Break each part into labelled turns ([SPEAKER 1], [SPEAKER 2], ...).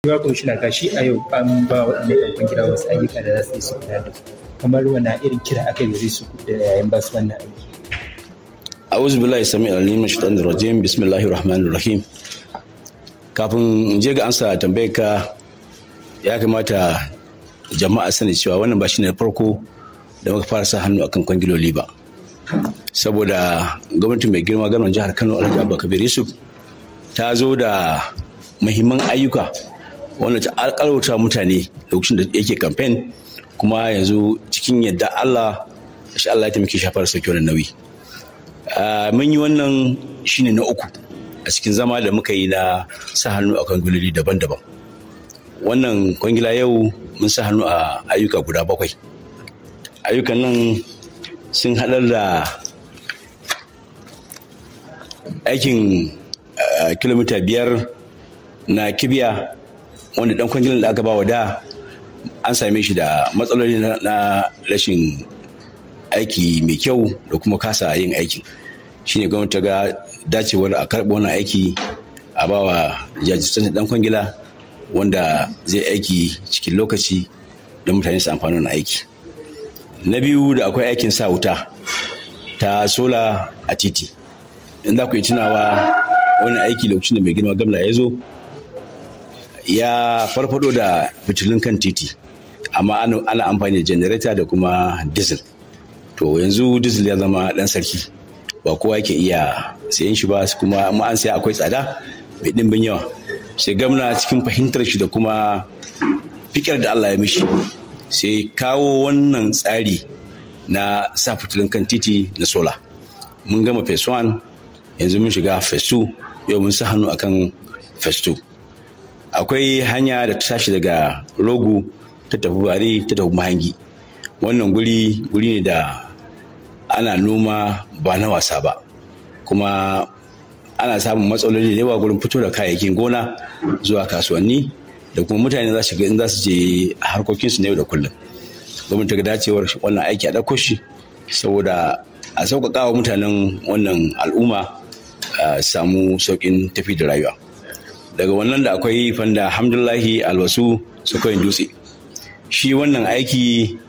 [SPEAKER 1] Shi ma na kashi a yau an ba waɗannan ɗaukan gida wasu ayyuka da za su yi su kula da su. Kamar wana irin kira aka yi su da yayin ba su wannan aiki. A'udhu billahi sami alim shaitan rajim bismillahi rahmanir rahim. Kafin in je ga ansa tambayar ka ya kamata jama'a sani cewa wannan ba shine farko da muka fara sa hannu akan kwangiloli ba. Saboda gwamnati mai girma gwamnan jihar Kano Alhaji Abba Kabir Yusuf ta zo da muhimman ayyuka wanda ta alƙalauta mutane lokacin da yake kamfen kuma yanzu cikin yadda Allah shi Allah ya taimake shafar sauki wannan nauyi ah, mun yi wannan shine na uku a cikin zama da muka yi na sa hannu a kwangiloli daban-daban wannan kwangila yau mun sa hannu a ayyuka guda bakwai ayyukan nan sun haɗar da aikin ah, kilomita biyar na kibiya wanda dan kwangilin da aka ba da an same shi da matsaloli na rashin aiki mai kyau da kuma kasa yin aikin shine gwamnati ga dacewar a karɓi wannan aiki a bawa wa dan kwangila wanda zai aiki cikin lokaci don mutane su amfani wannan aiki na biyu da akwai aikin sa wuta ta sola a titi in za ku yi tunawa wani aiki lokacin da mai girma gamla ya zo ya farfado da fitilun kan titi amma ana amfani da janareta da kuma diesel to yanzu diesel ya zama dan sarki ba kowa yake iya sayan shi ba kuma amma an sai akwai tsada mai dimbin yawa sai gamna cikin fahimtar shi da kuma fikir da Allah ya mishi sai kawo wannan tsari na sa fitilun kan titi na sola mun gama phase 1 yanzu mun shiga phase 2 yau mun sa hannu akan phase 2 akwai hanya da ta tashi daga rogo ta tafi bare ta tafi mahangi wannan guri guri ne da ana noma ba na wasa ba kuma ana samun matsaloli da yawa gurin fito da kayayyakin gona zuwa kasuwanni da kuma mutane za su za su je harkokinsu na yau da kullum gwamnati ga dacewar wannan aiki a ɗauko shi saboda a sauƙaƙa wa mutanen wannan al'umma samu sauƙin tafi da rayuwa daga wannan da akwai fanda hamdullahi albasu sukayin dutse shi wannan aiki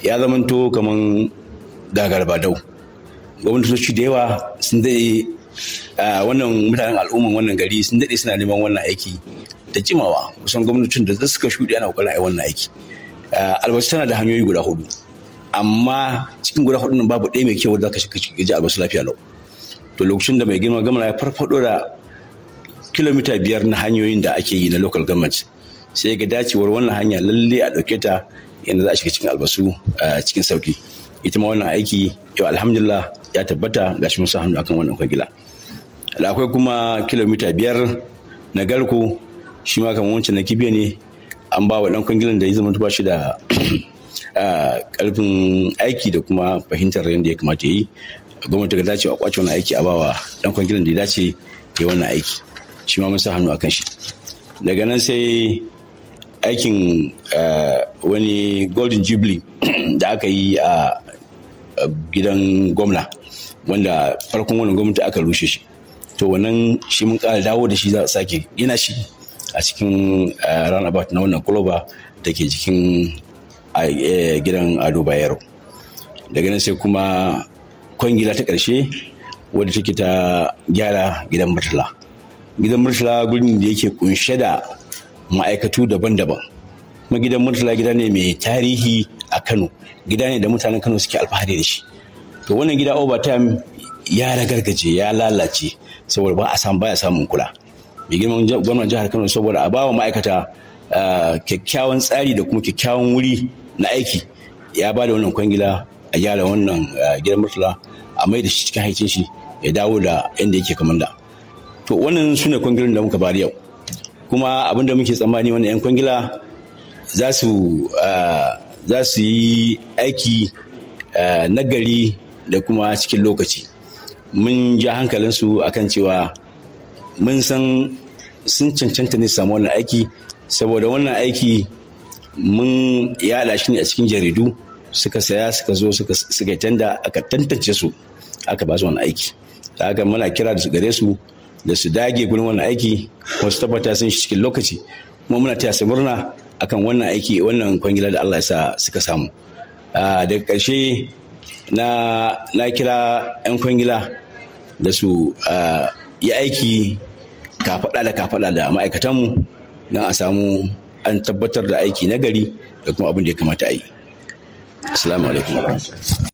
[SPEAKER 1] ya zamanto kaman dau. gwamnatoci da yawa sun daɗe wannan mutanen al'umman wannan gari sun daɗe suna neman wannan aiki da jimawa kusan gwamnatocin da za suka shuɗe ana ƙoƙarin a wannan aiki albasu tana da hanyoyi guda hudu amma cikin guda hudu nan babu ɗaya mai kyau da ka shiga ji albasu lafiya lau to lokacin da mai girma gamara ya farfaɗo da kilomita biyar na hanyoyin da ake yi na local government sai ga dacewar wannan hanya lalle a ɗauke ta yadda za a shiga cikin albasu cikin sauki ita ma wannan aiki yau alhamdulillah ya tabbata ga shi musa hannu akan wannan kwagila da akwai kuma kilomita biyar na garko shi ma kamar wancan na kibiya ne an ba wa ɗan kwangilan da ya zama ba shi da ƙarfin aiki da kuma fahimtar yadda ya kamata ya yi gwamnati ga dace a kwace wani aiki a bawa dan kwangilan da ya dace ya wannan aiki shi ma mun sa hannu kan shi daga nan sai aikin eh, wani golden jubilee da aka yi a gidan gwamna wanda farkon wani gwamnati aka rushe shi to wannan shi mun kara dawo da shi za a sake gina shi a cikin eh, runabout na wannan kuloba da ke jikin eh, gidan ado bayero daga nan sai kuma kwangila ta ƙarshe wadda take ta gyara gidan matala gidan murtala gurin da yake kunshe da ma'aikatu daban-daban kuma gidan murtala gida ne mai tarihi a kano gida ne da mutanen kano suke alfahari da shi to wannan gida time ya ragargaje ya lalace saboda ba a samu baya samun kula mai girman gwamnan jihar kano saboda a bawa ma'aikata ah, kyakkyawan tsari da kuma kyakkyawan wuri na aiki ya ba da wannan kwangila a gyara wannan ah, gidan murtala a mai da shi cikin haikin shi ya dawo da inda yake kamanda. to wannan su ne kwangilin da muka bari yau kuma abin da muke tsammani wannan 'yan kwangila za su yi aiki nagari da kuma cikin lokaci mun ja hankalinsu akan cewa mun san sun cancanta ne samu wannan aiki saboda wannan aiki mun yada shi ne a cikin jaridu suka saya suka zo suka tanda aka tantance su aka ba su wani aiki haka muna kira da su gare su da su dage gurin wannan aiki kuma su tabbata sun shi cikin lokaci kuma muna taya su murna akan wannan aiki wannan kwangila da Allah ya sa suka samu ah, daga ƙarshe na na kira 'yan kwangila da su ah, yi aiki kafaɗa da kafaɗa da ma'aikatanmu don a samu an tabbatar da aiki na gari da kuma abin da ya kamata a yi. Assalamu alaikum.